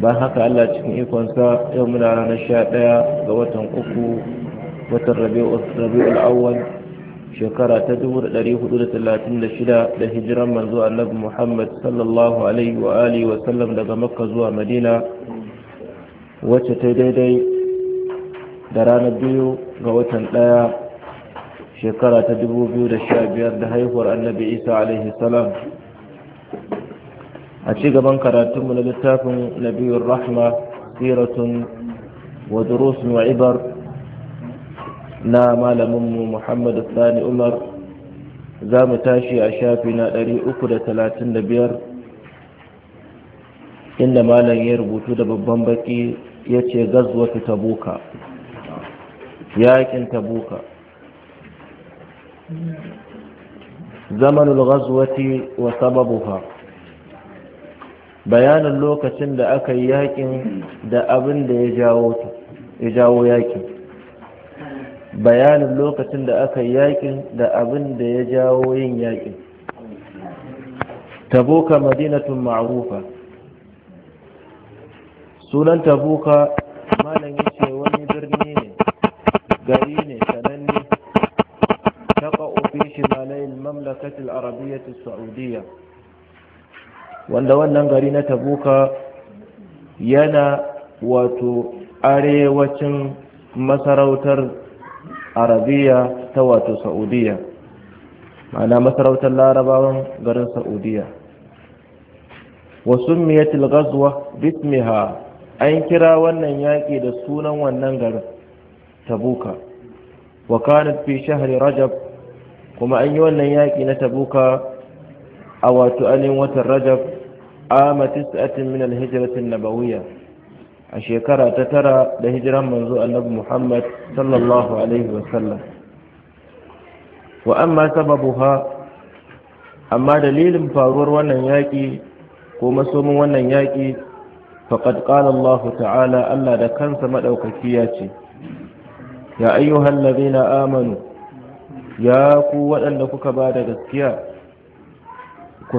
ba haka Allah cikin ikonsa yau muna ranar sha ɗaya ga watan uku watan rabi'ul awwal shekara ta 436 da hijiran manzo annabi Muhammad sallallahu alaihi wa alihi wa sallam daga Makka zuwa Madina wacce ta daidai da ranar biyu ga watan ɗaya shekara ta da haihuwar annabi Isa alaihi salam a ci gaban karatunmu na littafin nabiyu rahma siratun wadurus durusun wa ibar na malaminmu muhammad sani umar za mu tashi a shafi na 335 inda malam ya rubutu da babban baki ya ce gazwatu tabuka yakin tabuka zamanul gazwati wa sababuha bayanin lokacin da aka yi yakin da abin da ya jawo yakin bayanin lokacin da aka yi yakin da abin da ya jawo yin yakin tabuka madinatun ma'rufa sunan tabuka malam yace wani birni ne gari ne sananne ta fi shimalai mamlakatul arabiyyar Sa'udiyya. wanda wannan gari na tabuka yana wato arewacin masarautar arabiya ta wato saudiya ma'ana masarautar larabawan garin saudiya wasu miyatil gazuwa bismiha an kira wannan yaƙi da sunan wannan garin tabuka wa fi shahri rajab kuma an yi wannan yaƙi na tabuka a wato watan rajab عام تسعة من الهجرة النبوية الشيكرة تترى لهجرة منذ النبي محمد صلى الله عليه وسلم وأما سببها أما دليل فاغور ونياكي كما سوم ونياكي فقد قال الله تعالى ألا دكان سمد أو كياتي يا أيها الذين آمنوا يا قوة أنك بعد gaskiya ku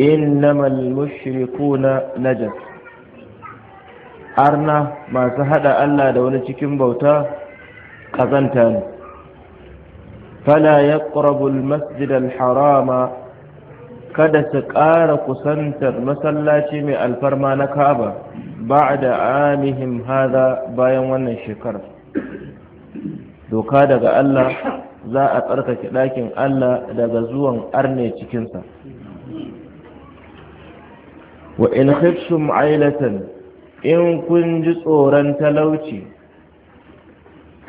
innamal mushrikuna najas arna masu hada Allah da wani cikin bauta kazanta ne fala yaqrabu al-masjid harama kada su ƙara kusantar masallaci mai alfarma na ba da amihim haza bayan wannan shekarar doka daga Allah za a tsarkake ɗakin Allah daga zuwan arne cikinsa wa in khiftum ailatan in kun ji tsoron talauci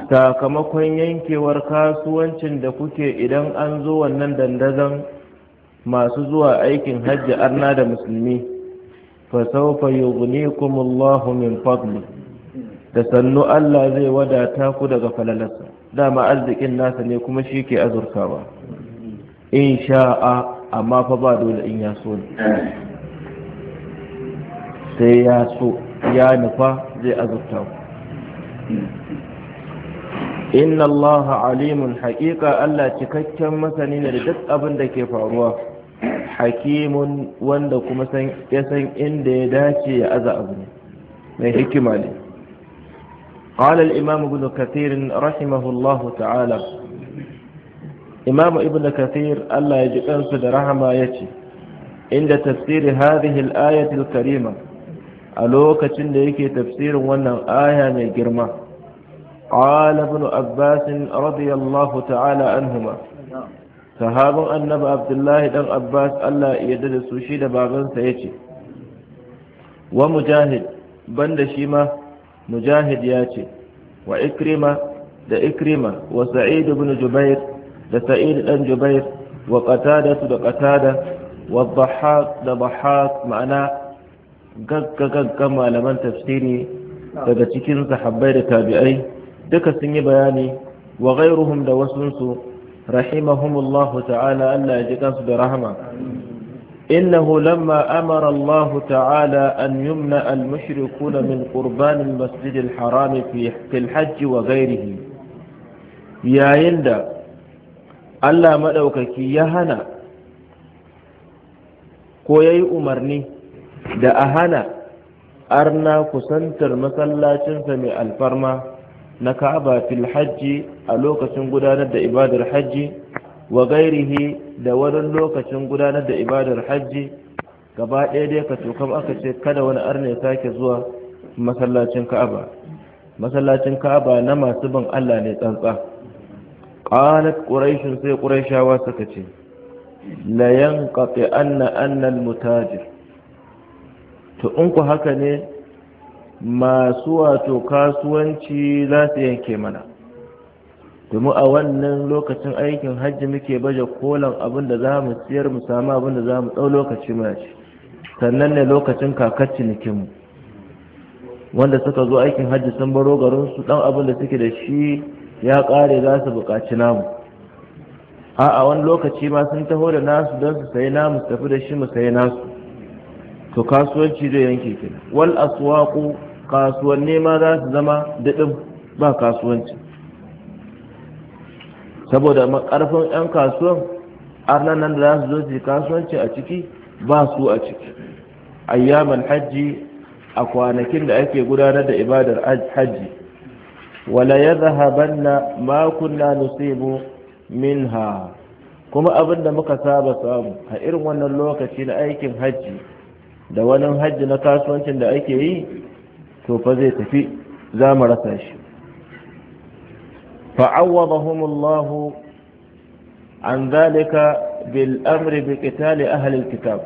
sakamakon yankewar kasuwancin da kuke idan an zo wannan dandazon masu zuwa aikin hajji arna da musulmi fa fasaufa yughnikumullahu min fadli da sannu Allah zai wadata ku daga falalarsa dama arzikin nasa ne kuma shi ke azurtawa in sha'a amma fa ba dole in ya so sai ya so ya nufa zai azurta ku inna Allah alimun haƙiƙa Allah cikakken masani ne da duk abin da ke faruwa hakimun wanda kuma ya san inda ya dace ya aza abu ne mai hikima ne قال الإمام ابن كثير رحمه الله تعالى إمام ابن كثير الله يجب أنس رحمه يتي عند تفسير هذه الآية الكريمة a lokacin da yake tafsirin wannan aya mai girma qala ibn abbas radiyallahu ta'ala anhuma sahabin annabi abdullahi ɗan abbas Allah ya yarda su shi da babansa yace wa mujahid banda shi ma mujahid ya ce wa ikrima da ikrima wa sa'id ibn jubair da sa'id dan jubair wa qatada da ƙatada wa dhahhak da dhahhak ma'ana gaggagaggan malaman tafsiri daga cikin sahabbai da tabi'ai duka sun yi bayani wa ghairuhum da wasunsu rahimahumullahu ta'ala Allah ya ji kansu da rahama إنه لما أمر الله تعالى أن يمنع المشركون من قربان المسجد الحرام في الحج وغيره يا يندى ألا مدوكك يهنا كويي أمرني da a hana arna kusantar masallacinsa mai alfarma na ka'aba fil hajji a lokacin gudanar da ibadar hajji wa gairihi da wani lokacin gudanar da ibadar hajji gaba ɗaya dai ka tokam aka ce kada wani arna ya sake zuwa masallacin ka'aba masallacin ka'aba na masu ban Allah ne tsantsa qalat quraishun sai quraishawa suka ce la yanqati anna anna al mutajir to in ku haka ne masu wato kasuwanci za su yanke mana domin a wannan lokacin aikin hajji muke baje kolan abin da za mu siyar mu samu abin da za mu ɗau lokaci muna ci sannan ne lokacin kakar cinikinmu wanda suka zo aikin hajji sun baro garin su 'dan abin da suke da shi ya ƙare za su buƙaci namu a a wani lokaci ma sun taho da nasu don su sayi namu su tafi da shi mu sayi nasu to kasuwanci zai yanke kina wal aswaqu kasuwanni ma za su zama daɗin ba kasuwanci saboda makarfin 'yan kasuwan arnan nan da za su zo su kasuwanci a ciki ba su a ciki ayyaman hajji a kwanakin da ake gudanar da ibadar hajji wala ya zahabanna makunna nusibu minha kuma abin da muka saba samu a irin wannan lokaci na aikin hajji da wani hajji na kasuwancin da ake yi to fa zai tafi za mu rasa shi fa'awwadahum Allah an zalika bil amri bi qitali ahli al-kitab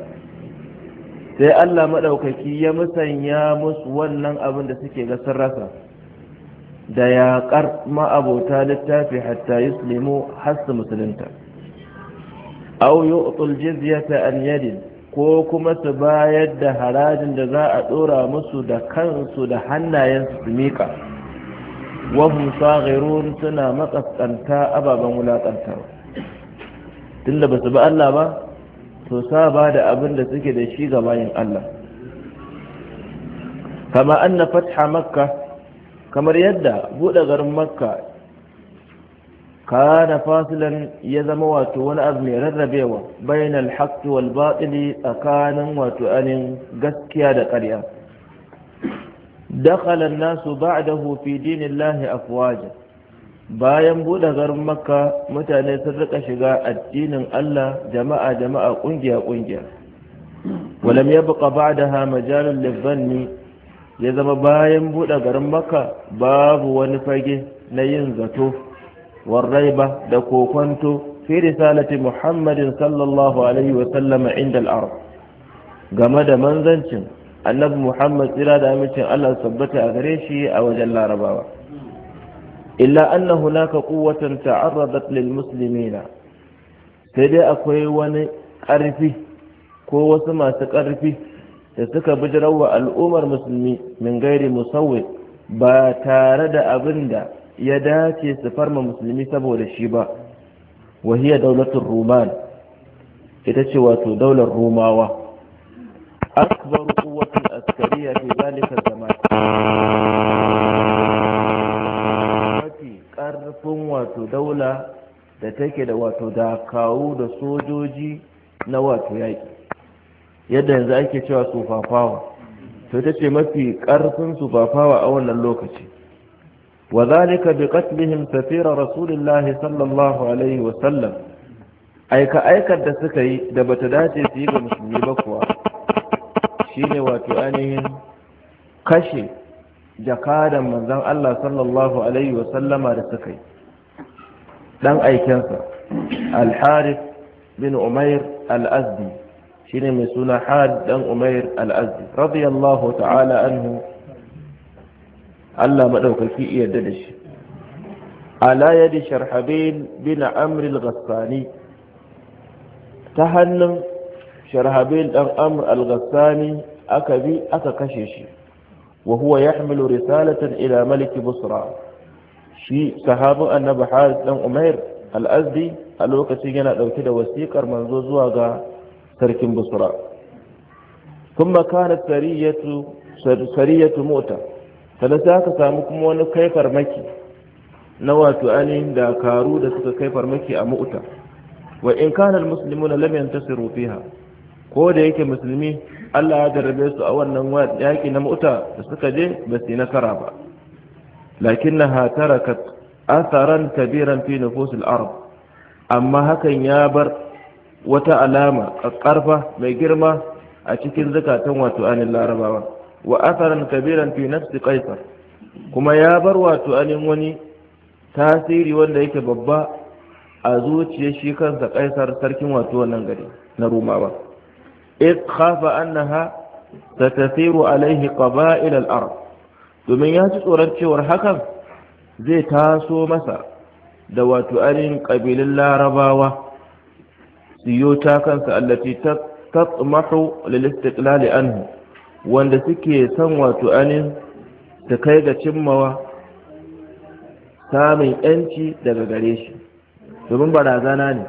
sai Allah madaukaki ya musanya musu wannan abin da suke ga sun rasa da yaƙar ma'abota littafi hatta yuslimu hasu musulunta au yu'tul jizyata an yadin ko kuma su bayar da harajin da za a ɗora musu da kansu da hannayensu su miƙa wahum saghirun suna matsakanta ababen tun tunda ba su ba Allah ba to sa ba da abin da suke da shi ga bayin Allah kama na fata makka kamar yadda buɗe garin makka kana fasilan ya zama wato wani abu mai rarrabewa bainal haqqi wal batili tsakanin wato anin gaskiya da ƙarya dakhala an-nasu ba'dahu fi dinillahi afwaja bayan buɗe garin makka mutane sun rika shiga addinin Allah jama'a jama'a kungiya kungiya walam yabqa ba'daha majalul lidhanni ya zama bayan buɗe garin makka babu wani fage na yin zato والريبة دكوكنت في رسالة محمد صلى الله عليه وسلم عند الأرض جمد منزنش النبي محمد إلى دامتش الله ثبت أغريشي أو جل رباوة إلا أن هناك قوة تعرضت للمسلمين سيدي أكوي وني أرفي كو وسما سكرفي da suka bijirarwa al'ummar musulmi min gairi musawwid ba tare da abin da ya dace su farma musulmi saboda shi ba wahiyar daulatul ruman ita ce wato daular rumawa akbaru kuwatul askariya fi zalika zaman mafi karfin wato daula da take da wato dakawu da sojoji na wato yaƙi yadda yanzu ake cewa sufafawa to ita ce mafi karfin sufafawa a wannan lokaci وذلك بقتلهم سفير رسول الله صلى الله عليه وسلم aika aikar da suka yi da bata dace su yi ga musulmi ba kuwa shine wato ainihin kashe jakadan manzon Allah sallallahu alaihi wa sallama da suka yi dan aikensa al-Harith bin Umair al-Azdi shine mai suna Had dan Umair al-Azdi radiyallahu ta'ala anhu Allah maɗaukaki yarda da shi ala yadi sharhabin bin amr al ta hannun sharhabin dan amr al-ghassani aka bi aka kashe shi wa huwa yahmilu risalatan ila maliki busra shi sahabin annabi haris, dan umair al-azdi a lokacin yana ɗauke da wasiƙar manzo zuwa ga sarkin busra Kuma كانت sariyatu mota. sannan sai aka samu kuma wani kai farmaki na wato ainihin dakaru da suka kai farmaki a mu'uta wa in kana almuslimuna lam yantasiru fiha ko da yake musulmi Allah ya jarabe su a wannan yaki na muta da suka je ba su yi nasara ba lakinnaha tarakat atharan kabiran fi nufusil arab amma hakan ya bar wata alama ƙaƙƙarfa mai girma a cikin zakatan wato anin larabawa wa atharan kabiran fi nafsi kuma ya bar wato alin wani tasiri wanda yake babba a zuciya shi kansa kaisar sarkin wato wannan gari na rumawa id khafa annaha satasiru alaihi qaba'il al-arab domin ya ci tsoron cewar hakan zai taso masa da wato alin kabilun larabawa siyo ta kansa allati tatmahu lil istiqlal anhu wanda suke san wato anin ta kai ga cimmawa samun yanci daga gare shi domin barazana ne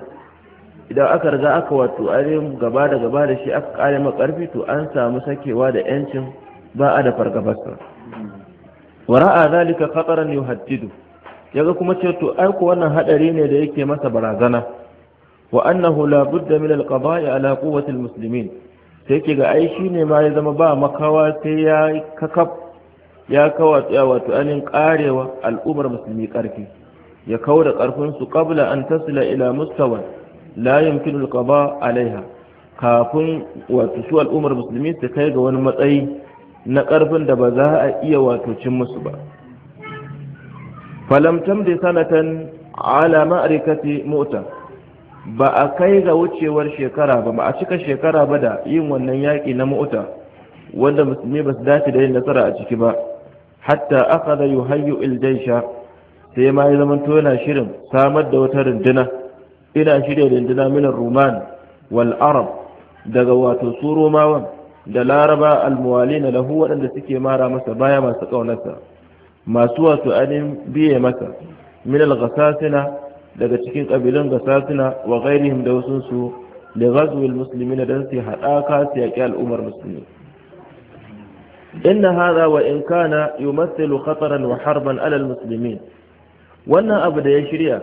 idan aka riga aka wato anin gaba da gaba da shi aka kare makarfi to an samu sakewa da yancin ba a da fargabarsa wara'a zalika khataran yuhaddidu yaga kuma ce to ai ko wannan hadari ne da yake masa barazana wa annahu la budda min al-qada'i ala quwwati al-muslimin sai ke ga aishi ne ma ya zama ba makawa sai ya kakaf ya kawa tsaya wato anin karewa al'ummar musulmi karfi ya kawo da karfin su qabla an tasila ila mustawa la yumkinu alqada alaiha kafin wato su al'ummar musulmi su kai ga wani matsayi na karfin da ba za a iya wato cin musu ba falam tamdi sanatan ala ma'rifati mu'tah ba a kai ga wucewar shekara ba ba a cika shekara ba da yin wannan yaƙi na mota wanda musulmi ba su dace da yin nasara a ciki ba hatta aka da yi hayyu iljaisha sai ma ya zama yana shirin samar da wata runduna ina shirya runduna minar ruman wal arab daga wato su romawan da laraba almuwali na lahu waɗanda suke mara masa baya masu ƙaunarsa masu wato anin biye masa minal gasasina daga cikin kabilan gasasina wa gairihim da wasu su li ghazwil muslimina dan su haɗaka su yaƙi al'ummar musulmi inna hadha wa in kana yumathilu khataran wa harban ala muslimin wannan abu da ya shirya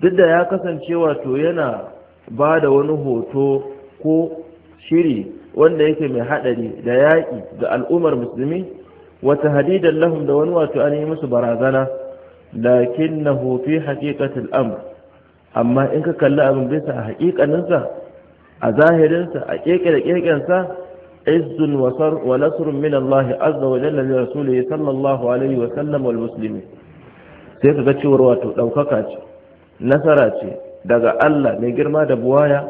duk da ya kasance wato yana ba da wani hoto ko shiri wanda yake mai haɗari da yaƙi ga al'ummar musulmi wata hadidan lahum da wani wato an yi musu barazana lakinnahu fi haqiqatil amr amma in ka kalli abin bisa a haƙiƙaninsa a zahirinsa a keke da kekensa izzun wa nasrun min Allah azza wa jalla li rasulih sallallahu alaihi wa sallam wal muslimin sai ka ga cewar wato daukaka ce nasara ce daga Allah mai girma da buwaya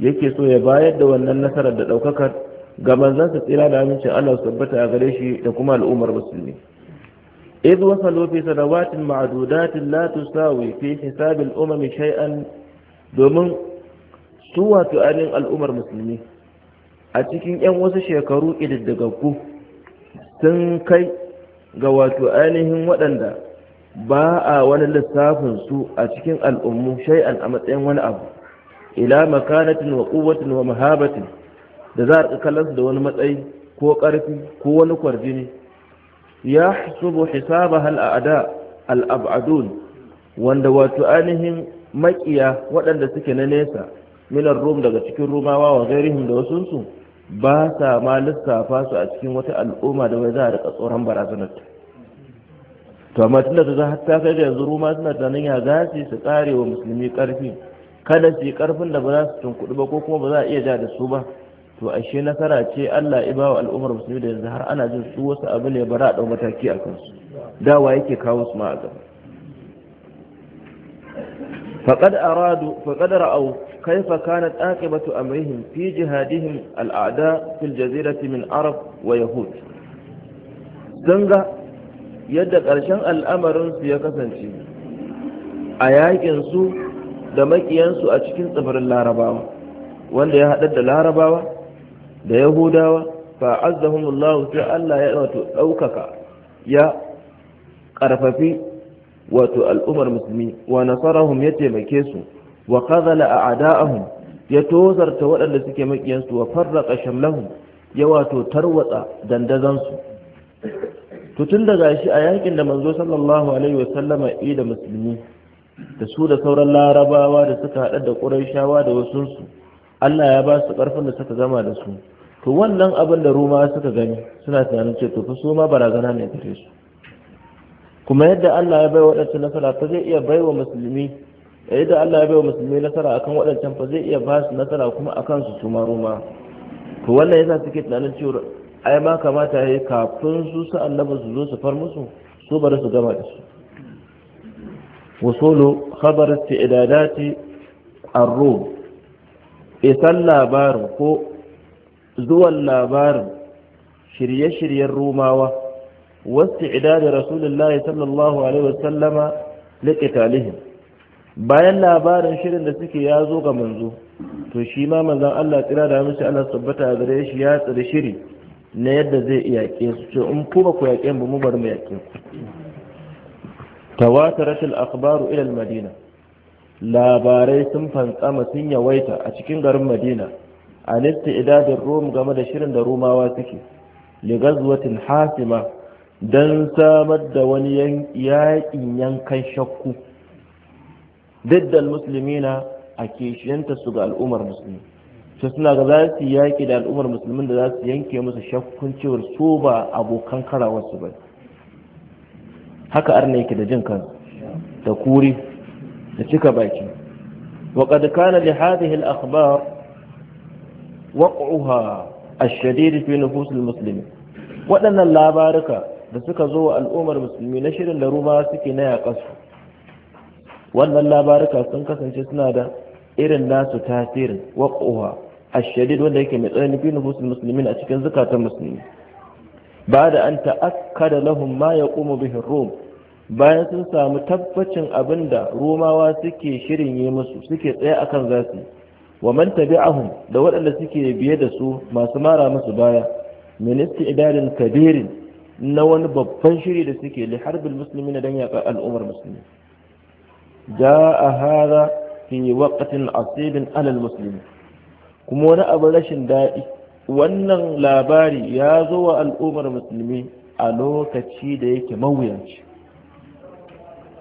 yake so ya bayar da wannan nasarar da daukakar ga manzansa tsira da amincin Allah su tabbata a gare shi da kuma al'ummar musulmi إذ وصلوا في سنوات معدودات لا تساوي في حساب الأمم شيئا domin su wato ainihin al'ummar musulmi a cikin 'yan wasu shekaru ƙididdagaggu sun kai ga wato ainihin waɗanda ba a wani lissafin su a cikin al'ummu shai'an a matsayin wani abu ila makanatin wa ƙuwatin wa mahabatin da za a kallon su da wani matsayi ko ƙarfi ko wani kwarjini yahsubu hisabaha al-a'da al-ab'adun wanda wato ainihin makiya waɗanda suke na nesa minar rum daga cikin rumawa wa gairihim da wasu su ba sa ma lissafa su a cikin wata al'umma da wai za a riƙa tsoron barazanar ta to amma da ta kai da yanzu ruma suna tunanin ya gasi su kare wa musulmi karfi kada su yi karfin da ba za su tunkuɗu ba ko kuma ba za a iya ja da su ba to ashe nasara ce Allah ya bawa al'ummar musulmi da yanzu har ana jin su wasu abu ne bara a dau mataki a kansu dawa yake kawo su ma a gaba faqad aradu faqad ra'aw kayfa kanat aqibatu amrihim fi jihadihim al'ada fil jazirati min arab wa yahud danga yadda ƙarshen al'amarin su ya kasance a yakin su da makiyansu a cikin tsibirin larabawa wanda ya haɗar da larabawa da yahudawa fa azzahumullahu sai Allah ya wato daukaka ya karfafi wato al'ummar musulmi wa nasarahum ya taimake su wa qadhala a'da'ahum ya tozarta waɗanda suke makiyansu wa farraqa shamlahum ya wato tarwatsa dandazansu to tun daga shi a yakin da manzo sallallahu alaihi wa sallama da musulmi da su da sauran larabawa da suka hada da quraishawa da wasunsu Allah ya ba su ƙarfin da suka gama da su to wannan abin da roma suka gani suna tunanin ce to su ma barazana ne gare su kuma yadda Allah ya bai waɗancan nasara fa zai iya bai wa musulmi yadda Allah ya bai wa musulmi nasara akan waɗancan fa zai iya ba su nasara kuma akan su su ma roma to wannan yasa suke tunanin cewa ai ma kamata yayi kafin su su annabi su zo su far musu su bari su gama da su wasulu khabar idadati ar-rum isan labarin ko zuwan labarin shirye-shiryen rumawa wasu idada rasulullahi sallallahu alaihi wasallama bayan labarin shirin da suke ya zo ga manzo to shi ma manzan Allah tsira da mace Allah tabbata a gare shi ya tsiri shiri na yadda zai yaƙe su ce in ku ba ku yaƙe ba mu bar mu yaƙe ku tawatarat al-akhbaru ila al-madina labarai sun fantsama sun yawaita a cikin garin madina a nista idadin rom game da shirin da romawa suke ligazwatin hasima don samar da wani yaƙin yankan shakku diddal musulmi na a kishiyanta su ga al'ummar musulmi su suna ga za su yaƙi da al'ummar musulmin da za su yanke musu shakkun cewar su ba abokan karawarsu ba haka arna yake da jin da kuri da cika baki wa qad kana li hadhihi akhbar waq'uha ash-shadid fi waɗannan labaruka da suka zo wa al'ummar musulmi na shirin da ruma suke na yaƙasu wannan labaruka sun kasance suna da irin nasu tasirin waƙowa a shadid wanda yake mai tsanani fi nufusul Musulmi a cikin zukatan musulmi ba da an ta'akkada lahum ma ya ƙumu bihin rum bayan sun samu tabbacin abin da romawa suke shirin yi musu suke tsaye a kan zasu wa man tabi'ahum da waɗanda suke biye da su masu mara musu baya ministi idarin kabirin na wani babban shiri da suke li harbil musulmi na dan yaƙar al'ummar musulmi a hada fi waqtin asibin alal musulmi kuma wani abin rashin daɗi wannan labari ya zo wa al'ummar musulmi a lokaci da yake mawuyanci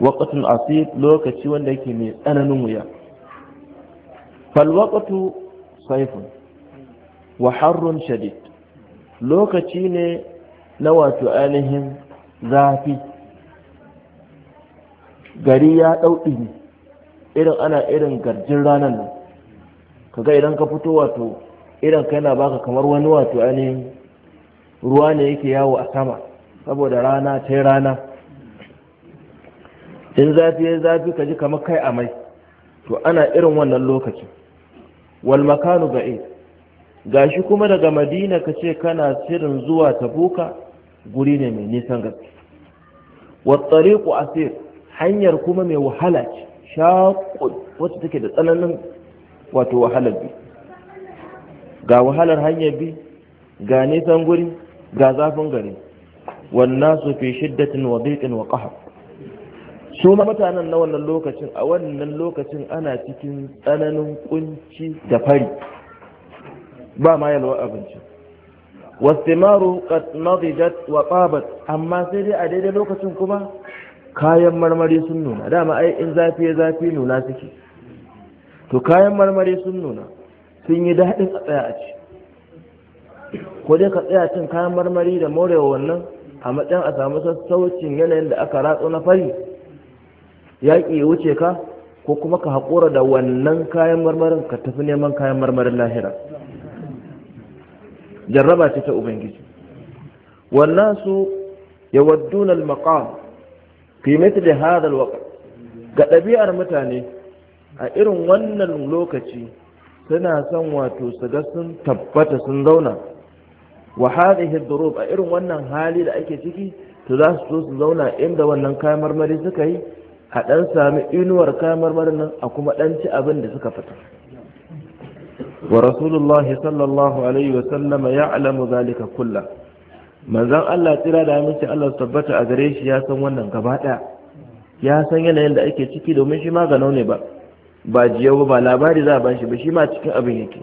waqtun asir lokaci wanda yake mai tsananin wuya fal waqtu sayfun wa harrun shadid lokaci ne na wato ainihin zafi gari ya ɗauɗi ne irin ana irin garjin ranar nan kaga idan ka fito wato irin ka yana baka kamar wani wato ainihin ruwa ne yake yawo a sama saboda rana ta rana in zafi ya zafi ka ji kamar kai a mai, to ana irin wannan lokacin wal makanu ba'id gashi kuma daga madina ka ce kana shirin zuwa tabuka guri ne mai nisan gaske wattariku asir hanyar kuma mai wahala ce shaƙo wacce take da tsananin wato wahalar bi ga wahalar hanyar bi ga nisan guri ga zafin gari wannan su fi shiddatin wa biƙin wa ƙahar su ma mutanen na wannan lokacin a wannan lokacin ana cikin tsananin kunci da fari ba ma yalwa abinci wastimaru qad nadijat wa qabat amma sai dai a daidai lokacin kuma kayan marmari sun nuna dama ai in zafi ya zafi nuna suke to kayan marmari sun nuna sun yi daɗin a tsaya a ci ko dai ka tsaya cin kayan marmari da morewa wannan a matsayin a samu sassaucin yanayin da aka ratso na fari yaƙi ya wuce ka ko kuma ka haƙura da wannan kayan marmarin ka tafi neman kayan marmarin lahira jarraba ce ta ubangiji wannan su ya wadduna al-maqam fi mithli ga ɗabi'ar mutane a irin wannan lokaci suna son wato su ga sun tabbata sun zauna wa hadhihi durub a irin wannan hali da ake ciki to za su so su zauna inda wannan kayan marmari suka yi a ɗan sami inuwar kamar marmarin a kuma ɗan ci abin da suka fita wa rasulullah sallallahu alaihi wa sallama ya alamu zalika kulla manzan Allah tsira da aminci Allah su tabbata a gare shi ya san wannan gaba ɗaya ya san yanayin da ake ciki domin shi ma ganau ne ba ba jiyau ba labari za a bashi ba shi ma cikin abin yake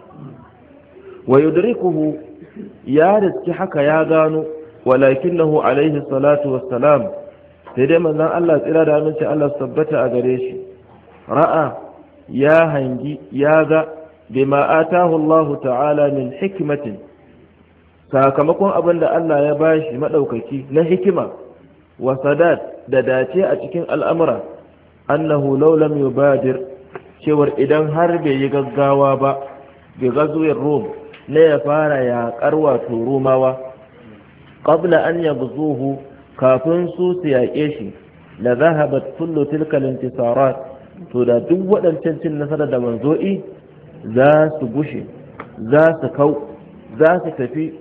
wa yudrikuhu ya riski haka ya gano walakinahu alaihi salatu wassalam sai dai manzan Allah tsira da aminci Allah sabbata tabbata a gare shi ra'a ya hangi ya ga bima atahu Allah ta'ala min hikimatin. sakamakon abin da Allah ya ba shi maɗaukaki na hikima wa sadat da dace a cikin al'amura annahu law lam yubadir cewar idan har bai yi gaggawa ba bi gazuwar rom na ya fara yaƙar wato romawa qabla an yabzuhu kafin su su yaƙe shi la zahabat kullu tilka intisarat to da duk waɗancan cin nasara da manzo'i za su gushe za su kau za su tafi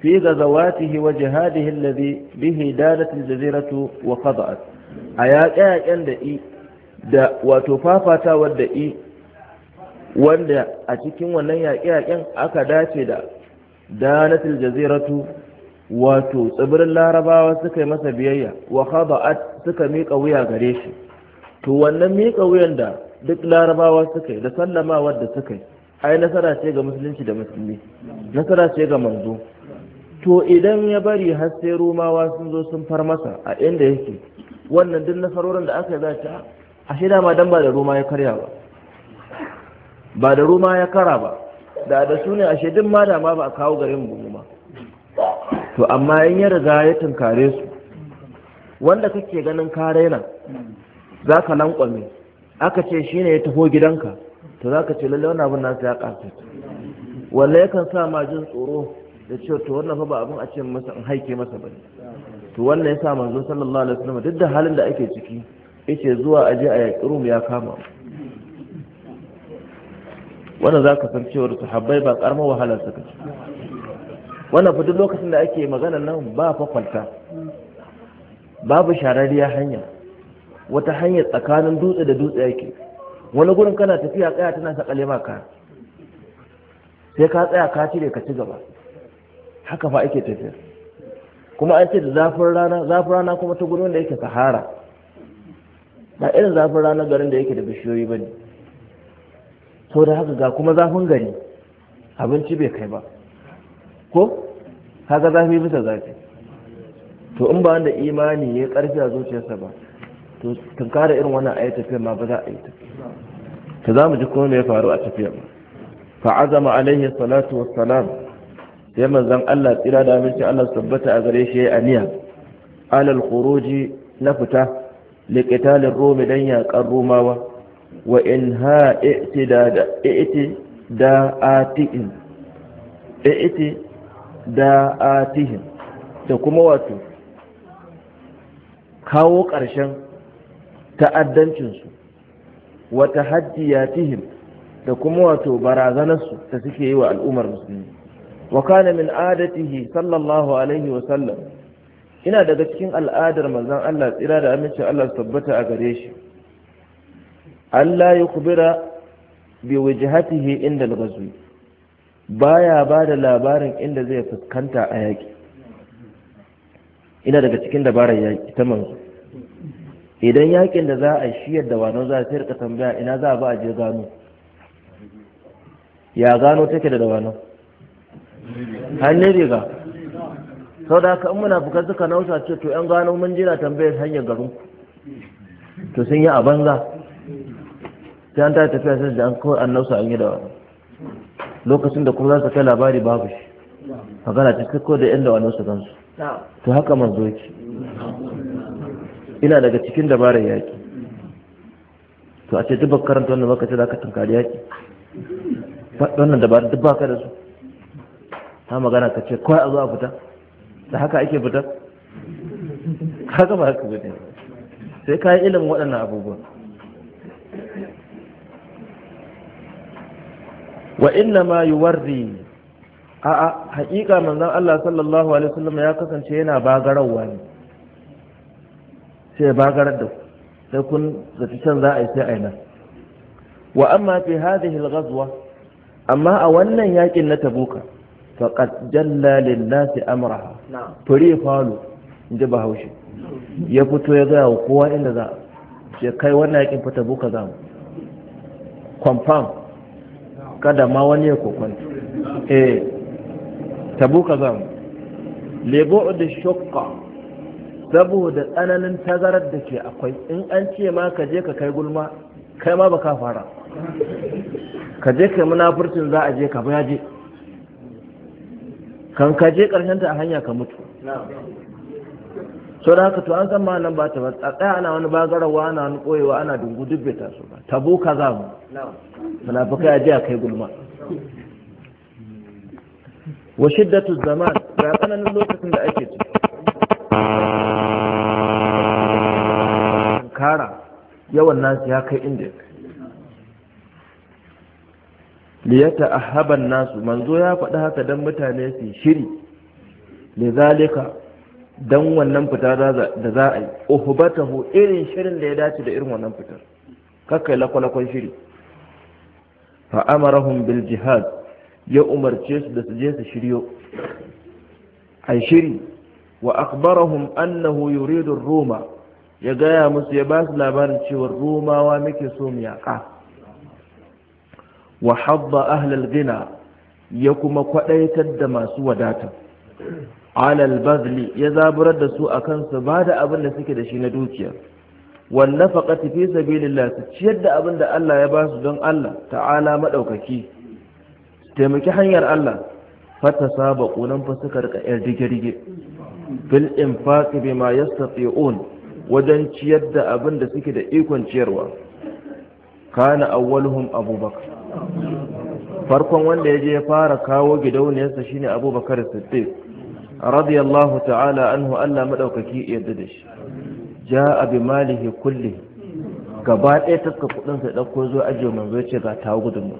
fi gazawatihi wa jihadihi alladhi bihi dalat aljaziratu wa qada'at a yaƙe-yaƙen da i da wato fafatawar da i wanda a cikin wannan yaƙe-yaƙen aka dace da danatil jaziratu wato tsibirin larabawa suka yi masa biyayya wa khada'at suka miƙa wuya gare shi to wannan miƙa wuyan da duk larabawa suka yi da sallamawar da suka yi ai nasara ce ga musulunci da musulmi nasara ce ga manzo to idan ya bari har sai rumawa sun zo sun far masa a inda yake wannan duk nasarorin da aka yi za ta a shida ma dan ba da roma ya karya ba ba da roma ya kara ba da da su ne a ma da ma ba a kawo garin mu ba to amma in ya riga ya tunkare su wanda kake ganin ka raina za ka lankwame aka ce shi ne ya taho gidanka to za ka ce lalle wani abin nasa ya ƙasa walla yakan sa ma jin tsoro da ce to wannan fa ba abin a ce masa in haike masa ba to wannan ya sa manzo sallallahu alaihi wasallam duk da halin da ake ciki yace zuwa aje a yaƙi rum ya kama wannan za ka san cewar sahabbai ba ƙaramar wahala suka ci wannan fitar lokacin da ake magana nan ba fa babu shararriya hanya wata hanyar tsakanin dutse da dutse yake wani gurin kana tafiya tsaya tana sakale ka sai ka tsaya ka cire ka ci gaba haka fa ake tafiya kuma an ce da zafin rana zafin rana kuma ta gurin da yake sahara ba irin zafin rana garin da yake da bishiyoyi ba ne sau da haka ga kuma zafin gari abinci bai kai ba ko kaga zafi bisa zafi to in ba wanda imani ya karfi a zuciyarsa ba to tunkara irin wannan ayi tafiya ma ba za a yi tafiya ta za mu ji kuma me ya faru a tafiya ba fa azama alaihi salatu wassalam sai manzon Allah tsira da aminci Allah tabbata a gare shi yayi aniya alal khuruji na fita liqitalin rumi dan yaƙar Rumawa, wa in ha i'tida da i'ti da atiqin i'ti da'atihim da kuma wato kawo ƙarshen ta'addancinsu wata haddiyatihim da kuma wato barazanarsu da suke yi wa al'ummar musulmi wa kana min adatihi sallallahu alaihi wa sallam ina daga cikin al'adar manzon Allah tsira da amincin Allah su tabbata a gare shi Allah ya kubira bi wajhatihi inda al-ghazwi baya ba da labarin inda zai fuskanta a yaƙi ina daga cikin dabarar yaƙi ta manzo idan yaƙin da za a shi yadda wano za a sai rika tambaya ina za a ba a je gano ya gano take da wano hannun riga sau da haka in muna fukar suka nausa ce to yan gano mun jira tambayar hanyar garin to sun yi a banza sai an ta tafiya sai da an kawai an nausa an yi da wano lokacin da kuma za su kai labari babu shi magana ta ko da yan wani su gansu to haka manzo yake ina daga cikin dabarar yaki to a ce duk baka karanta wannan baka ce za ka tunkari yaki wannan dabarar duk baka da su ta magana ka ce kawai a zo a fita da haka ake fita haka ba haka ba sai ka yi ilimin waɗannan abubuwa wa inna ma yuwarri a'a haƙiƙa manzon Allah sallallahu alaihi wasallam ya kasance yana bagarawa ne sai bagarar da sai kun zaci can za a yi sai a nan wa amma fi hadhihi al-ghazwa amma a wannan yaƙin na tabuka faqad jalla lin-nasi amraha fure falo inda bahaushe ya fito ya gaya wa kowa inda za ya kai wannan yakin fa tabuka za mu confirm kada ma wani ya kokonta eh tabuka zan lebo da shokka saboda tsananin tazarar da ke akwai in an ce ma ka je ka kai gulma kai ma baka fara ka je kai munafurcin za a je ka ba je kan ka je karshen ta a hanya ka mutu so da haka to an san malam ba ta a tsaya ana wani bagarawa ana wani koyewa ana dungu duk bai taso ba tabo ka za mu a jiya kai gulma wa shiddatu zaman ga kananin lokacin da ake ciki kara yawan nasu ya kai inda ya kai liyata ahaban nasu manzo ya faɗi haka don mutane su shiri lizalika don wannan fita da za a yi uhubatahu irin shirin da ya dace da irin wannan fitar kakai lakwalakon shiri fa amarahum bil jihad ya umarce su da su je su shiryo A shiri wa akbarahum annahu yuridu roma ya gaya musu ya ba su labarin cewa romawa muke so mu yaƙa wa habba ahlal gina ya kuma kwaɗaitar da masu wadata alal bazli ya zaburar da su akan su ba da abin da suke da shi na dukiya wan nafaqati fi sabilillah su ciyar da abin da Allah ya ba su don Allah ta'ala maɗaukaki. taimaki hanyar Allah fata saba ƙunan fa suka rika yar dige bil infaqi bima yastati'un wajen ciyar da abin da suke da ikon ciyarwa kana awwaluhum abubakar farkon wanda ya je ya fara kawo gidauniyarsa shine abubakar siddiq radiyallahu ta'ala anhu Allah madaukaki yadda da shi ja'a bi malihi kulli gaba ɗaya taska kudin sa dauko zo aje manzo ya ce ga ta gudun mu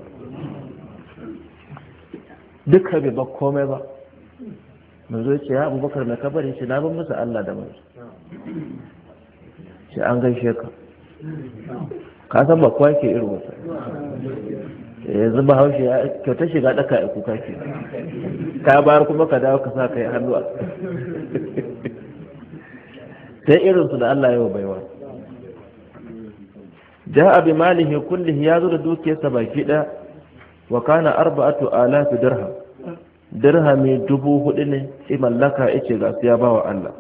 duka bai ba komai ba manzo ya ce ya Abubakar na kabari shi na ban masa Allah da manzo shi an gaishe ka ka san ba kowa ke irin wasa yanzu bahaushe haushe ya kyauta shiga daka a kuka ke ka bayar kuma ka dawo ka sa ka yi hannu a sai su da Allah yau baiwa ja bi malihi kullihi ya zo da dukiyarsa baki ɗaya wa kana arba'atu alafi dirham dirhami dubu hudu ne shi mallaka yace ga su ya bawa Allah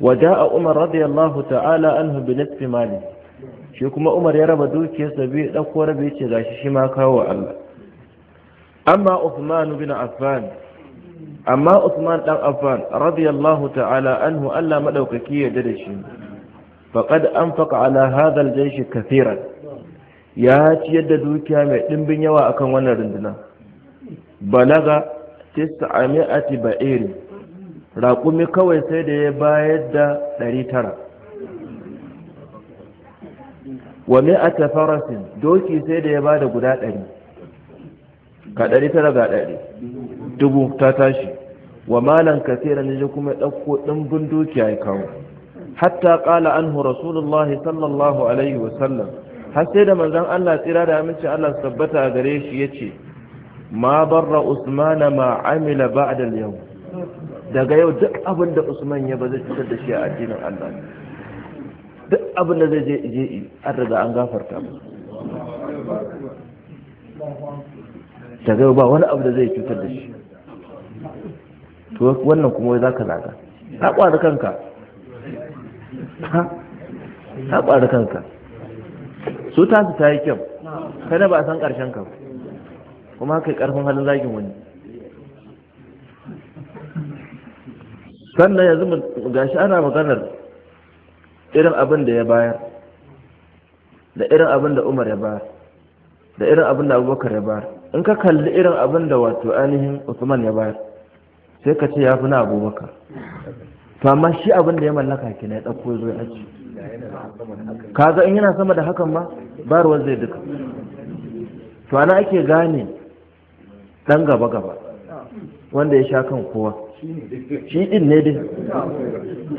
wa a umar radiyallahu ta'ala anhu bi nisfi malihi shi kuma umar ya raba dukiyarsa biyu ɗauko rabi ce gashi shi ma kawo Allah amma Usman bin Affan amma Uthman dan Affan radiyallahu ta'ala anhu Allah madaukaki ya da shi faqad anfaqa ala hadha al-jaysh kathiran ya ci yadda dukiya mai dimbin yawa akan wannan runduna balaga 900 ba'ir raƙumi kawai sai da ya bayar da 900 wa mi'ata farasin doki sai da ya bada guda ɗari ka ɗari ga ɗari dubu ta tashi wa malan kasira ne kuma ɗauko ɗimbin dukiya ya kawo hatta ƙala anhu rasulullahi sallallahu alaihi sallam. har sai da manzon Allah tsira da aminci Allah tabbata a gare shi ya ce ma barra usmana ma amila ba'da yau daga yau duk abin da usman ya ba zai cutar da shi a addinin Allah duk abin da zai je je an riga an gafarta musu daga ba wani abu da zai cutar da shi to wannan kuma za ka zaga ka kwari kanka ka kwari kanka su tasu ta yi kyau na ba a san ƙarshen ka kuma kai ƙarfin halin zagin wani sannan yanzu gashi ana maganar irin abin da ya bayar da irin abin da umar ya bayar da irin abin da abubakar ya bayar in ka kalli irin abin da wato ainihin usman ya bayar sai ka ce ya fi na abubakar to amma shi abin da ya mallaka ki na ya ɗauko zo ya ci kaga in yana sama da hakan ba bayarwar zai duka to ana ake gane dan gaba gaba wanda ya sha kan kowa shi din ne dai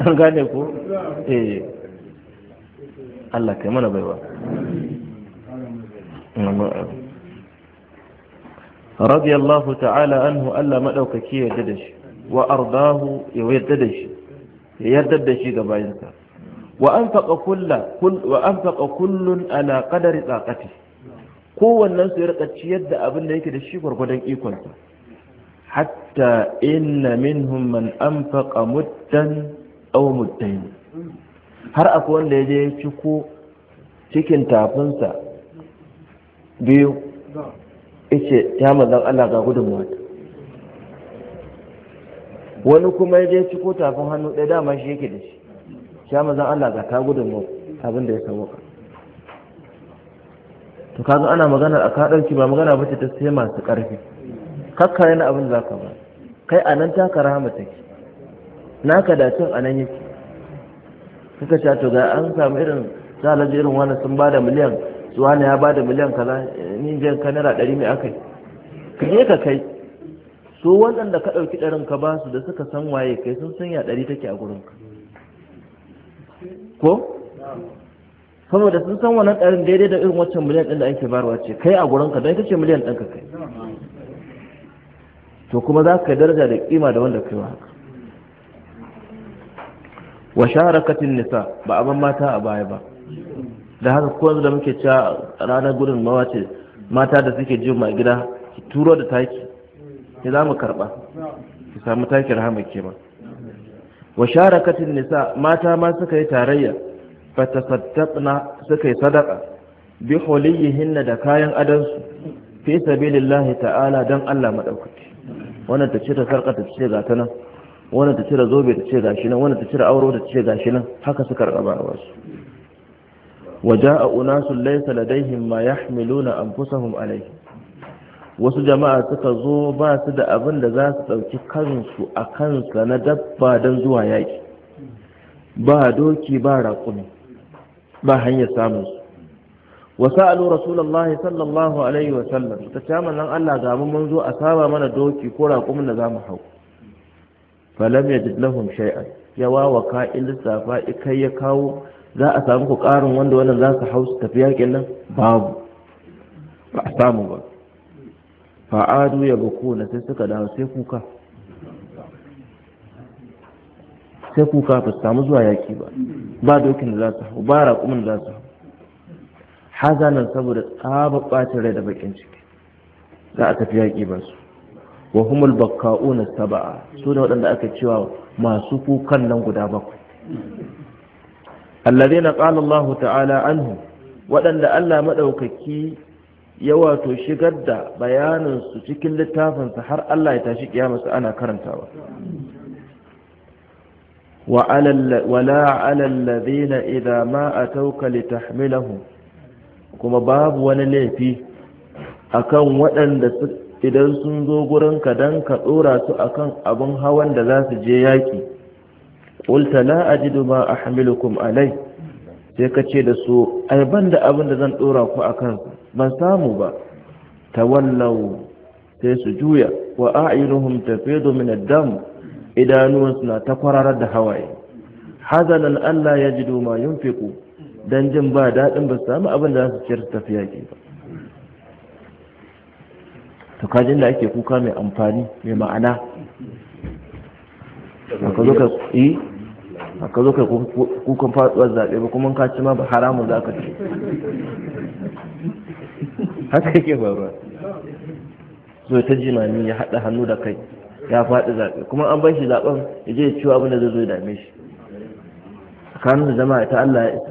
an gane ko eh Allah kai mana baiwa ta'ala anhu Allah madaukaki ya yarda da shi wa ardahu ya yarda ya yarda da shi ga wa anfaqa kullu kullun ala qadari taqati kowannen su ya ciyar da abin da yake da shi gwargwadon ikonsa hatta inna minhum man anfaqa muddan har akwai wanda ya je ya ciko cikin tafinsa biyu ice ya mazan Allah ga gudun mata wani kuma ya je ciko tafin hannu ɗaya dama shi yake da shi ya mazan Allah ga ta gudun mata abin da ya samu ka to kaga ana magana a ka ɗauki ba magana ba ce ta sai masu ƙarfi kakka na abin za ka ba kai a nan taka rahama take naka dacin a nan yake suka ce to ga an samu irin salaji irin wani sun bada miliyan su wani ya bada miliyan kaza ni biyan ka naira ɗari mai akai ka je ka kai su waɗanda ka ɗauki ɗarin ka ba su da suka san waye kai sun san ya ɗari take a gurin ka ko saboda sun san wannan ɗarin daidai da irin waccan miliyan ɗin da ake barwa ce kai a gurin ka don kace ce miliyan ɗin ka kai to kuma za ka daraja da kima da wanda kai haka wa sharakatin nisa ba a mata a baya ba da haka ko da muke cewa ranar gudun mawace mata da suke jin ma gida ki turo da taki ki za mu karba ki samu takin rahama ke wa sharakatin nisa mata ma suka yi tarayya fa tasaddaqna suka yi sadaqa bi huliyihinna da kayan adansu fi sabilillahi ta'ala dan Allah madaukaki wannan ta ce ta sarka ta ce ga ta nan wani ta cire zobe ta ce gashi nan wani ta cire auro ta ce gashi nan haka suka raba a wasu waja'a unasu laysa ladaihim ma yahmiluna anfusahum alayhi wasu jama'a suka zo ba su da abin da za su dauki kansu a kansa na dabba don zuwa yaki ba doki ba raƙumi ba hanyar samun su sa'alu rasulullahi sallallahu alaihi wa sallam ta ce nan Allah ga mun zo a saba mana doki ko raƙumin da zamu hau falam yajid lahum shay'an ya wa ka'il lissafa ikai ya kawo za a samu ku karin wanda wannan za su hausu tafi kenan nan babu ba a samu ba fa'adu ya buku na sai suka dawo sai kuka sai kuka ba su samu zuwa yaki ba ba dokin da za su hau ba raƙumin da za su hau hazanan saboda tsaba ɓacin rai da bakin ciki za a tafi yaƙi ba su wa humul bakka'una saba'a, su ne waɗanda aka cewa masu kukan nan guda bakwai alladhina qala Allah ta'ala anhu waɗanda Allah maɗaukaki ya wato shigar da bayanin su cikin littafinsa har Allah ya tashi kiyama su ana karantawa wa ala wala ala alladhina idza ma atawka kuma babu wani laifi akan waɗanda idan sun zo ka dan ka dora su akan abun hawan da za su je yaƙi ƙulta la ajidu ma ahmilukum alai sai ka ce da su ai ban da abin da zan dora ku akan ban samu ba wallau sai su juya wa a'inuhum tafidu min ad-dam idanuwansu na ta kwararar da hawaye hazanan Allah ya ji ma fiku dan jin ba daɗin ba samu abin da za su ciyar tafiya ba to kajin da ake kuka mai amfani mai ma'ana eh, ka zo ka yi zo ka kukan faduwar zaɓe ba kuma ka ci ma ba haramun za ka ci haka yake faruwa so ta jimami ya haɗa hannu da kai ya faɗi zaɓe kuma an bar shi zaɓen ya je ciwo abin da zai zo ya dame shi tsakanin da jama'a ta Allah ya isa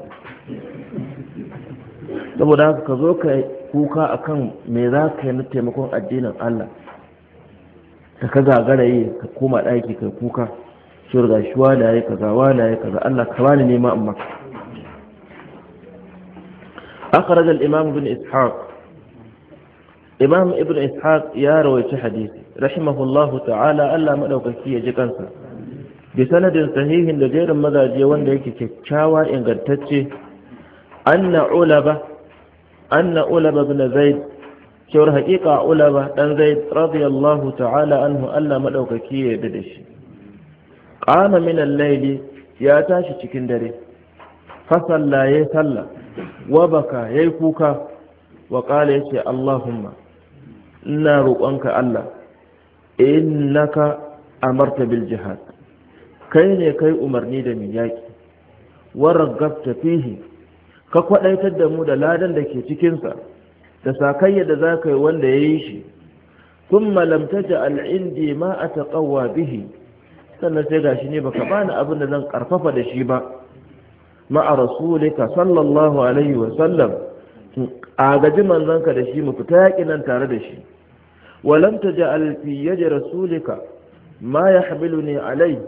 saboda haka ka zo ka kuka akan me za ka yi na taimakon addinin Allah ka ka gagara yi ka koma ɗaki ka kuka shi riga shi wala ya kaza wala kaza Allah ka bani nema amma imam ibn ishaq imam ibn ishaq ya rawaita hadisi rahimahullahu ta'ala Allah maɗaukaki ya ji kansa bi sanadin sahihin da jerin mazaje wanda yake kyakkyawa ingantacce anna ba. anna ulaba ibn zaid cewar haƙiƙa ulaba dan zaid radiyallahu ta'ala anhu Allah madaukaki ya yarda da shi qama min al-layli ya tashi cikin dare fa salla ya salla wa baka yayi kuka wa qala yace Allahumma ina roƙonka Allah innaka amarta bil jihad kai ne kai umarni da miyaki wa ragabta fihi ka kwaɗaitar da mu da ladan da ke cikinsa da sakayya da za ka yi wanda ya yi shi sun malamta da al'indi ma a taƙawa bihi sannan sai gashi ne baka bani abin da zan ƙarfafa da shi ba ma'a rasulika sallallahu alaihi wasallam agaji manzanka da shi mu fita yaƙi nan tare da shi walamta da alfiye da rasulika ma ya ne alai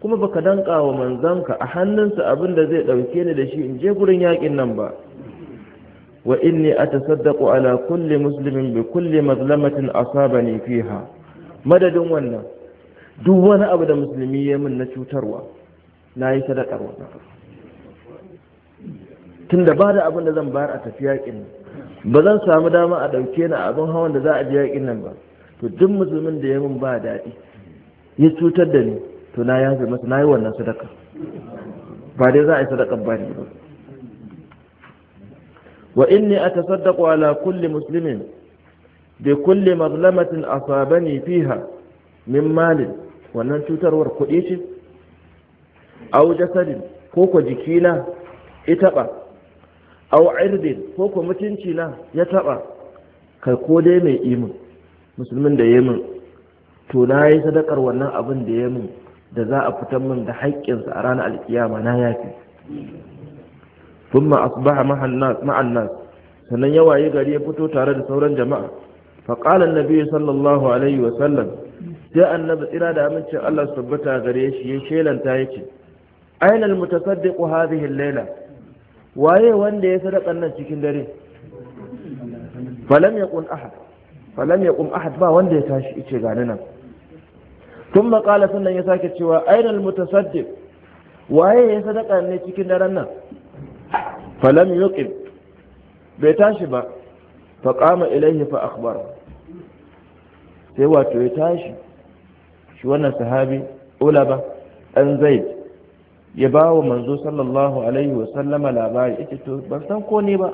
kuma baka danka wa manzanka a hannunsa abin da zai ɗauke ni da shi in je gurin yaƙin nan ba wa inni atasaddaqu ala kulli muslimin bi kulli mazlamatin asabani fiha madadin wannan duk wani abu da musulmi ya min na cutarwa na yi sadakar wannan tun da ba da abin da zan bayar a tafi yaƙin nan ba zan samu dama a ɗauke ni abin hawan da za a ji yaƙin nan ba to duk musulmin da ya min ba daɗi ya cutar da ni to na yafe masa na yi wannan sadaka ba dai za a yi sadaka ba ne wa inni atasaddaqu ala kulli muslimin bi kulli mazlamatin asabani fiha min malin wannan cutarwar kuɗi ce au jasadin ko ko jikina ita ba au irdin ko ko mutunci na ya taɓa kai ko dai mai imin musulmin da ya to na yi sadakar wannan abin da ya mun. da za a fitar min da haƙƙinsa a ranar alkiyama na yafi thumma asbaha ma'an nas sannan ya waye gari ya fito tare da sauran jama'a fa qala annabi sallallahu alaihi wa sallam sai annabi tsira da amincin Allah su tabbata gare shi ya shelanta yace aina almutasaddiqu hadhihi al-laila waye wanda ya sadakan nan cikin dare falam yaqul ahad falam yaqum ahad ba wanda ya tashi ice ga nan tun maƙala sannan ya sake cewa ainihin mutasaddiq waye ya sadaka ne cikin daren nan falam yuqim bai tashi ba fa qama ilaihi fa akhbara sai wato ya tashi shi wannan sahabi ulaba dan zaid ya ba wa manzo sallallahu alaihi wa sallama labari ita to ban san ko ne ba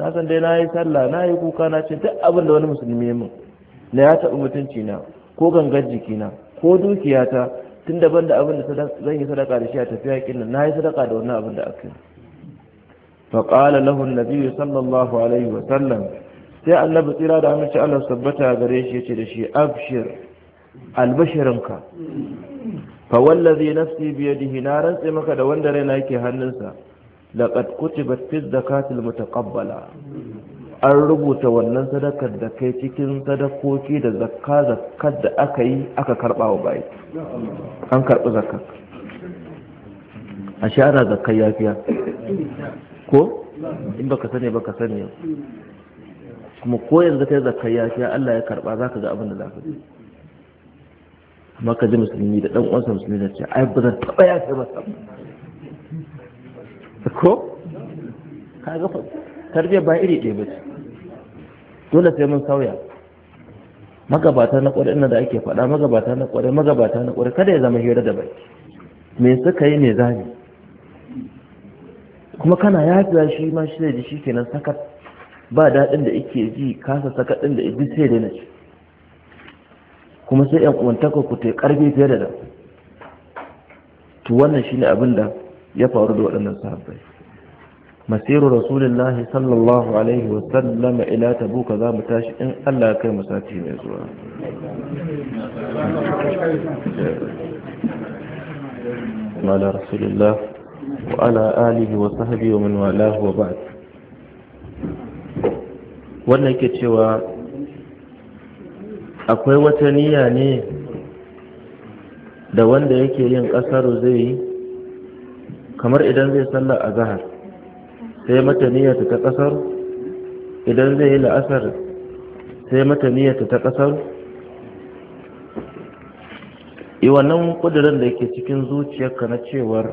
na san dai nayi sallah nayi kuka na ce duk abin da wani musulmi ya min na ya taɓa mutunci na ko gangar jikina? ko dukiyata tun daban da abin da zan yi sadaka da shi a tafiya yakin na yi sadaka da wannan abin da aka yi faƙala lahun nabiyu sallallahu alaihi wa sallam sai annabi tsira da amince Allah sabbata gare shi yace da shi abshir albashirinka fa wallazi nafsi bi yadihi na rantse maka da wanda raina yake hannunsa laqad kutibat fi zakatil mutaqabbala an rubuta wannan sadakar da kai cikin sadakoki da zakka zakkar da aka yi aka karɓa wa bai an karɓi zakka a shara zakkar yafiya ko in baka sani baka sani kuma ko yanzu kai zakkar yafiya Allah ya karɓa za ka ga abin da za ka ji amma ka ji musulmi da ɗan uwansa musulmi da ce ai ba zan taɓa yafe sa. ko ka ga tarbiyya ba iri ɗaya ba ce dole sai mun sauya magabata na ƙwarai ina da ake faɗa magabata na ƙwarai magabata na ƙwarai kada ya zama hira da baki me suka yi ne zami kuma kana ya fi shi ma shi da shi kenan sakat ba daɗin da yake ji kasa sakat ɗin da ibi sai da na ci kuma sai yan uwantaka ku ta fiye da da to wannan shine abin da ya faru da waɗannan sahabbai masiru rasulullahi sallallahu alaihi wasallam ila tabuka za mu tashi in allah ya kai mu sati mai zuwa على رسول الله وعلى آله وصحبه ومن والاه وبعد wannan ke cewa akwai wata niyya ne da wanda yake yin ƙasar zai yi kamar idan zai sallar a zahar sai mata niyyata ta kasar idan zai yi la'asar sai mata niyyata ta kasar yi wannan kudirin da yake cikin zuciyarka na cewar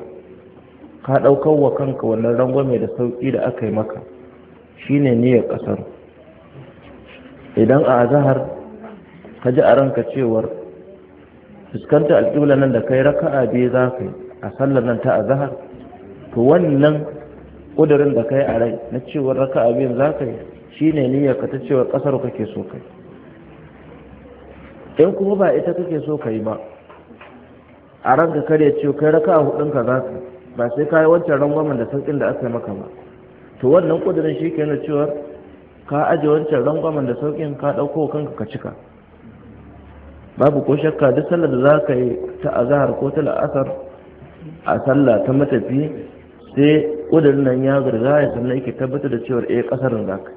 ka ɗaukar wa kanka wannan rangwame da sauƙi da aka yi maka shine niyyar kasar idan a azahar ka ji a ranka cewar fuskanta alƙibla nan da kai raka'a biyu za ka yi a sallar nan ta azahar to wannan kudurin da kai a rai na cewar raka abin za ka yi shi ne niyyar ka ta cewar ƙasar kake so kai in kuma ba ita kake so kai ba a ranka kare ce kai raka a hudunka za ka ba sai ka yi wancan rangwamen da sauƙin da aka yi maka ba to wannan kudurin shi ke na cewar ka aje wancan rangwamen da sauƙin ka ɗauko kanka ka cika babu ko shakka duk sallar da za ka yi ta azahar ko ta la'asar a sallah ta matafi sai ƙudurin nan ya zirga ya sannan yake tabbatar da cewar eh ƙasar da ka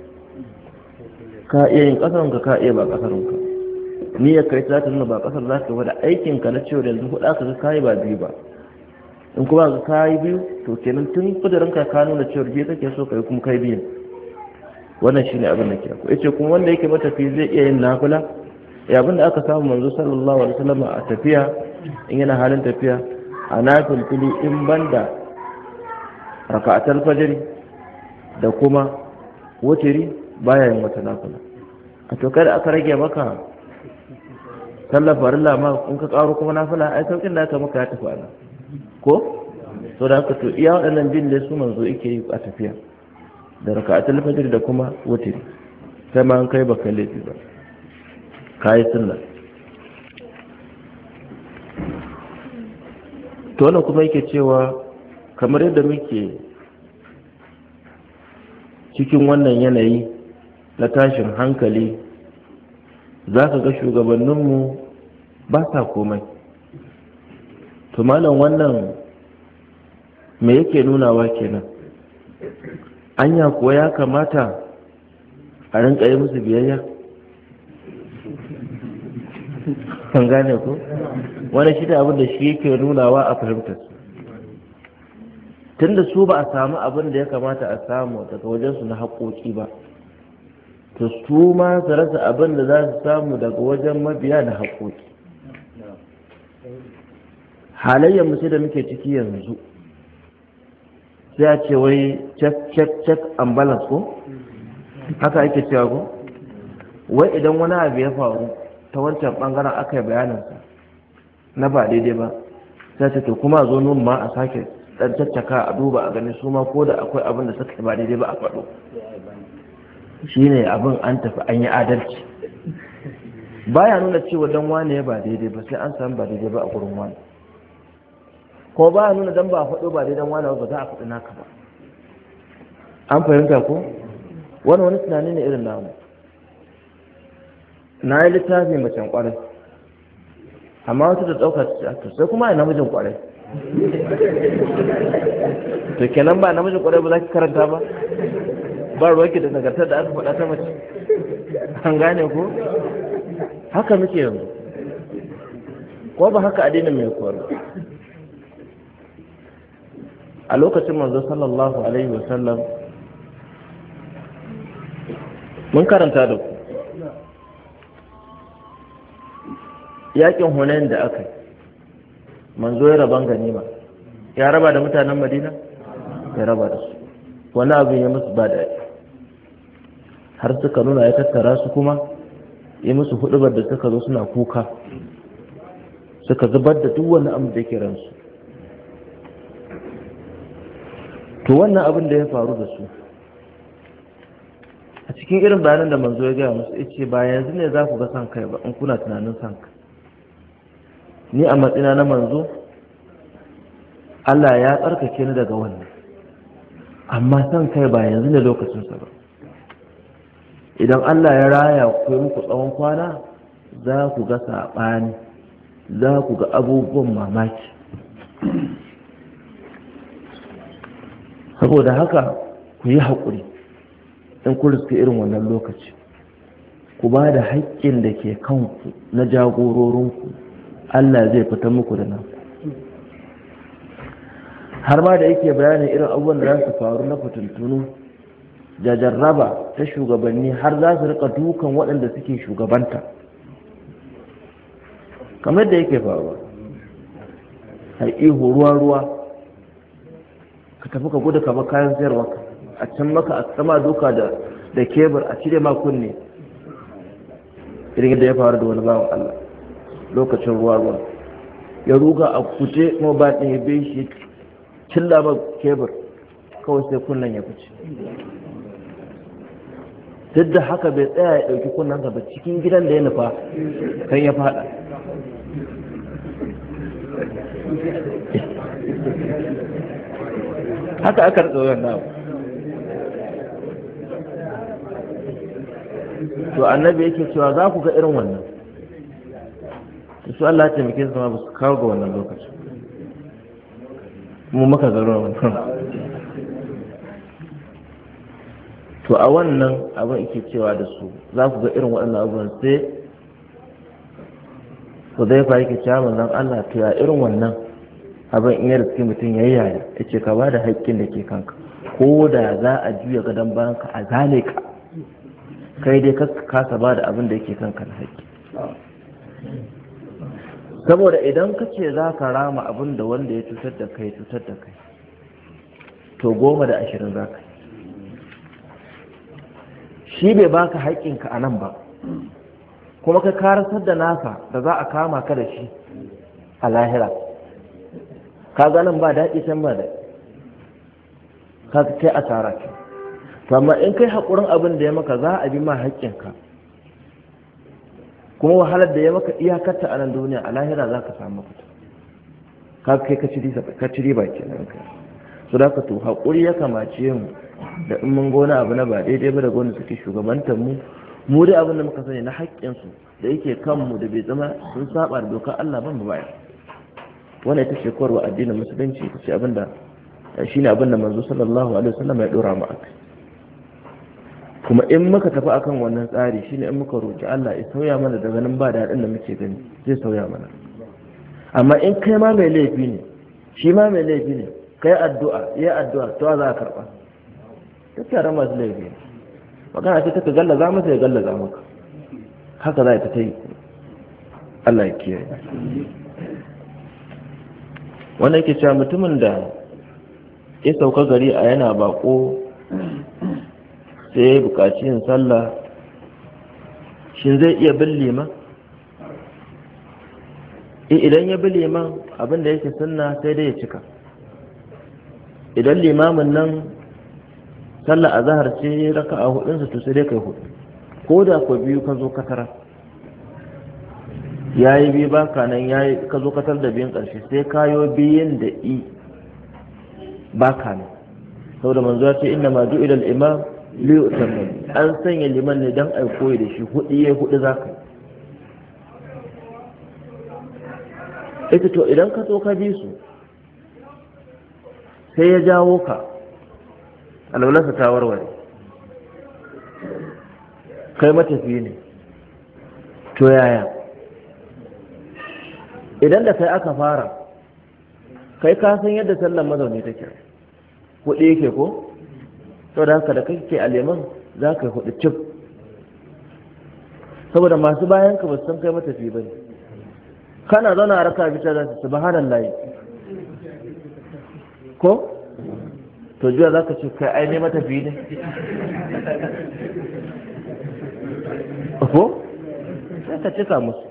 ka iya yin ƙasar ka ka iya ba ƙasar ka ya kai ta tunu ba ƙasar za ka wada aikin ka na cewar yanzu huɗa ka ga kayi ba biyu ba in kuma ga kayi biyu to kenan tun ƙudurin ka ka nuna cewar biyu kake so ka yi kuma kai biyu wannan shine abin da ke ku yace kuma wanda yake matafi zai iya yin nakula ya da aka samu manzo sallallahu alaihi wasallam a tafiya in yana halin tafiya a nafil fili in banda raka'atar fajiri da kuma wutiri baya wata nafila a to kada aka rage maka sallar farilla ma kun ka karo kuma nafila ai saukin da aka maka ya tafi ana ko so da haka to iya waɗannan bin da su manzo yake yi a tafiya da raka'atar fajr da kuma watiri sai ma an kai baka laifi ba kayi sunna to wannan kuma yake cewa kamar yadda muke cikin wannan yanayi na tashin hankali za ka ga shugabanninmu ba sa komai tumalan wannan me yake nunawa kenan anya kuwa ya kamata a rinka yi musu biyayya kan gane ku wani shida abin da shi yake nunawa a fahimtar tunda su ba a samu abin da ya kamata a samu daga wajensu na haƙoƙi ba to su ma su rasa abin da za su samu daga wajen mabiya na haƙoƙi halayyar mu sai da muke ciki yanzu sai a ce wai check-check cek ambalance ko haka ake cewa ko wai idan wani abu ya faru ta wancan bangaren aka yi bayaninsa na ba daidai ba sai ce kuma zo nun ma a sake dan caccaka a duba a gani su ma ko da akwai abin da suka ba daidai ba a faɗo Shi ne abin an tafi an yi adalci baya nuna cewa dan wane ba daidai ba sai an samu ba daidai ba a gurin wani ko baya nuna dan ba a faɗo ba daidai wane ba za a faɗi naka ba an fahimta ko wani wani tunani ne irin namu na yi littafi macen kwarai amma wata da ɗaukar ta sai kuma yi namijin kwarai to kenan ba namijin kwarai ba za ki karanta ba ba ruwanki da nagartar da aka faɗa ta mace an gane ko haka muke yanzu ko ba haka addinin mai kwaro a lokacin manzo sallallahu alaihi wa sallam mun karanta da ku yakin hunayen da aka yi manzo ya raban ganima ya raba da mutanen madina ya raba da su wani abin ya musu ba daɗi har suka nuna ya tattara su kuma ya musu hudubar da suka zo suna kuka suka zubar da duk wani abin da ke ransu to wannan abin da ya faru da su a cikin irin bayanan da manzo ya gaya musu ya ce ba yanzu ne za ku ga san kai ba in kuna tunanin san ni a matsina na manzo Allah ya tsarkake ni daga wannan amma san kai ba yanzu ne lokacinsa ba idan Allah ya raya ku yi muku tsawon kwana za ku ga saɓani za ku ga abubuwan mamaki saboda haka ku yi haƙuri in ku riske irin wannan lokaci ku ba da haƙƙin da ke kanku na jagororinku Allah zai fita muku da nan har ma da yake bayanin irin abubuwan da za su faru na fitintunu da jarraba ta shugabanni har za su rika dukan waɗanda suke shugabanta kamar da yake faruwa a ihu ruwa-ruwa ka tafi ka gudu kamar kayan sayarwa a can maka a sama duka da kebur a cire ma kunne irin da ya faru da wani bawan Allah lokacin ruwa ruwa ya ruga a kuce kuma ba ɗin ya bai shi cin labar kebur kawai sai kunnan ya fice duk da haka bai tsaya ya ɗauki kunnan ba cikin gidan da ya nufa kan ya faɗa haka aka tsoron wannan to annabi yake cewa za ku ga irin wannan da su Allah ya taimake su ba su kawo ga wannan lokacin mu maka zaro wannan to a wannan abin ake cewa da su za ku ga irin waɗannan abubuwan sai ku zai fa yake cewa manzon Allah to ya irin wannan abin in yadda cikin mutum ya yaya ya ce ka ba da haƙƙin da ke kanka ko da za a juya gadon bayan a zale ka kai dai ka kasa ba da abin da yake kanka na haƙƙi saboda idan ka ce za ka rama abin da wanda ya cutar da kai cutar da kai to goma da ashirin za ka shi bai baka haƙƙinka a nan ba kuma ka karasar da nasa da za a kama ka da shi a lahira ka ganin ba daɗi can ba da ka kai asara ke amma in kai haƙurin abin da ya maka za a bi ma haƙƙinka kuma wahalar da ya maka iyakarta a nan duniya a lahira za ka samu fita ka kai ka ciri ba ke nan ka su da ka to haƙuri ya kamace mu da in mun gona abu na ba daidai ba da gona suke shugabantar mu mu da abin da muka sani na haƙƙinsu da yake kanmu da bai zama sun saba da dokar Allah ban ba baya wannan ita ce koyarwa addinin musulunci ita ce abin da shine abin da manzo sallallahu alaihi wasallam ya dora mu akai kuma in muka tafi akan wannan tsari shine in muka roƙi Allah ya sauya mana daga nan ba daɗin da muke gani zai sauya mana amma in kai ma mai laifi ne shi ma mai laifi ne kai addu'a ya addu'a to za a karɓa duk tare masu laifi ne magana ce ta gallaza masa ya za maka haka za ta yi Allah ya kiyaye wannan ke cewa mutumin da ya sauka gari a yana bako sai ya buƙaci yin sallah shin zai iya bin liman eh, idan ya bi liman abin da yake sunna sai dai ya cika idan limamin nan sallah a zahar ce raka a hudunsa to sai dai kai hudu ko da ku biyu ka zo katara ya yi biyu baka nan ya yi ka zo katar da biyun ƙarshe sai kayo biyun da i baka nan saboda manzo ce inna ma du'ila imam liyu an sanya liman ne don ai koyi da shi hudu ya hudu za ka ita to idan ka zo ka bi su sai ya jawo ka alaulansa ta warware kai matafi ne to yaya idan da kai aka fara kai ka san yadda sallar mazauni take kuɗi yake ko sau da haka da kake a leman za ka hudu cif saboda masu bayan ka ba san kai matafi ba kana zauna a raka bita za su hannun layi ko to jiya za ka ce kai ai ne matafi ne ko sai ka cika musu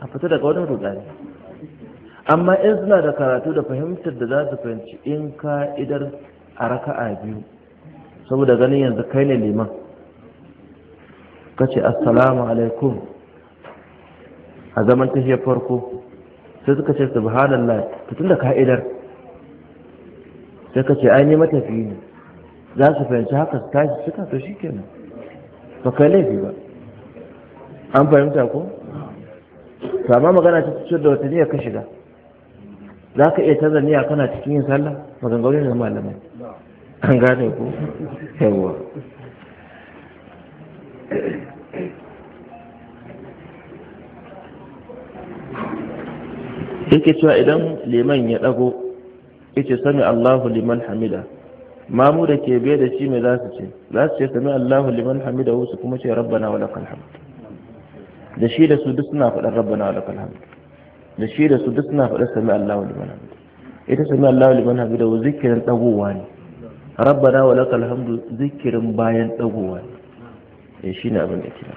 a fita daga wani rudani amma in suna da karatu da fahimtar da za su fahimci in ka idar a raka'a biyu saboda ganin yanzu kai ne liman ka ce assalamu alaikum a zaman tafiyar farko sai suka ce subhanallah tun da ka'idar sai ka ce ai ne matafiyi ne za su fahimci haka su tashi suka to shi ke nan, ba kai laifi ba an fahimta ko amma magana ta cikin da wata niyyar ka shiga za ka iya canza niyya kana cikin yin sallah maganganu ne na malamai an gane ku yawa yake cewa idan liman ya ɗago yake sami Allahu liman hamida mamu da ke biye da shi mai za su ce za su ce sami Allahu liman hamida su kuma ce rabbana wa lakal hamd da shi da su duk suna faɗar rabbana wa lakal da shi da su duk suna faɗar sami Allahu liman hamida ita sami Allahu liman hamida zikirin ɗagowa ne rabbana wa lakal alhamdu zikirin bayan dagowa ne. Ya eh, shi ne abin da kira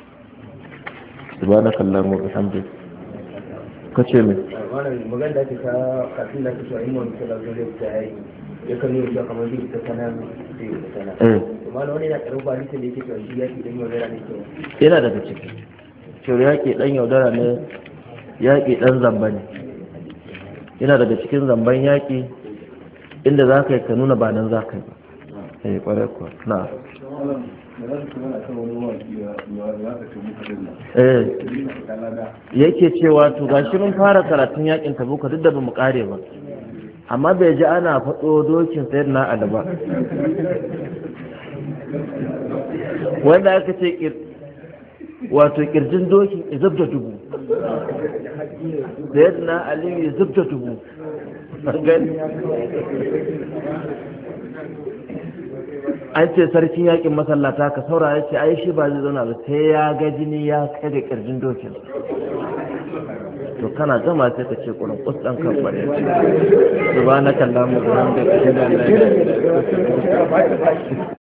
subhanaka allahumma wa bihamdik kace me wannan magana da ake ta kafin da kusa yin wannan kala da ta yi Ya yakan yi da kamar zai ta sanar da sana eh. amma wani yana karin kwari ta da yake cewa shi yaki dan yaudara ne kewa yana daga ciki cewa yaki dan yaudara ne yaki dan zamba ne yana daga cikin zamban yaƙi. inda za ka yi ka nuna ba nan za ka yi ba eh kuwa na eh. yake cewa to gashi mun fara karatun yakin tabuka duk da mu kare ba amma bai ji ana faɗo dokin sayar na ali ba wanda aka ce wato kirjin dokin izab da dubu sayar na ali izab da dubu an ce sarkin yakin masallata ka saura ya ce ai shi ba zai zauna ba sai ya ga jini ya kai da kirjin dokin to kana gama sai ka ce kurin kusan kan bare subhanaka allahumma wa bihamdika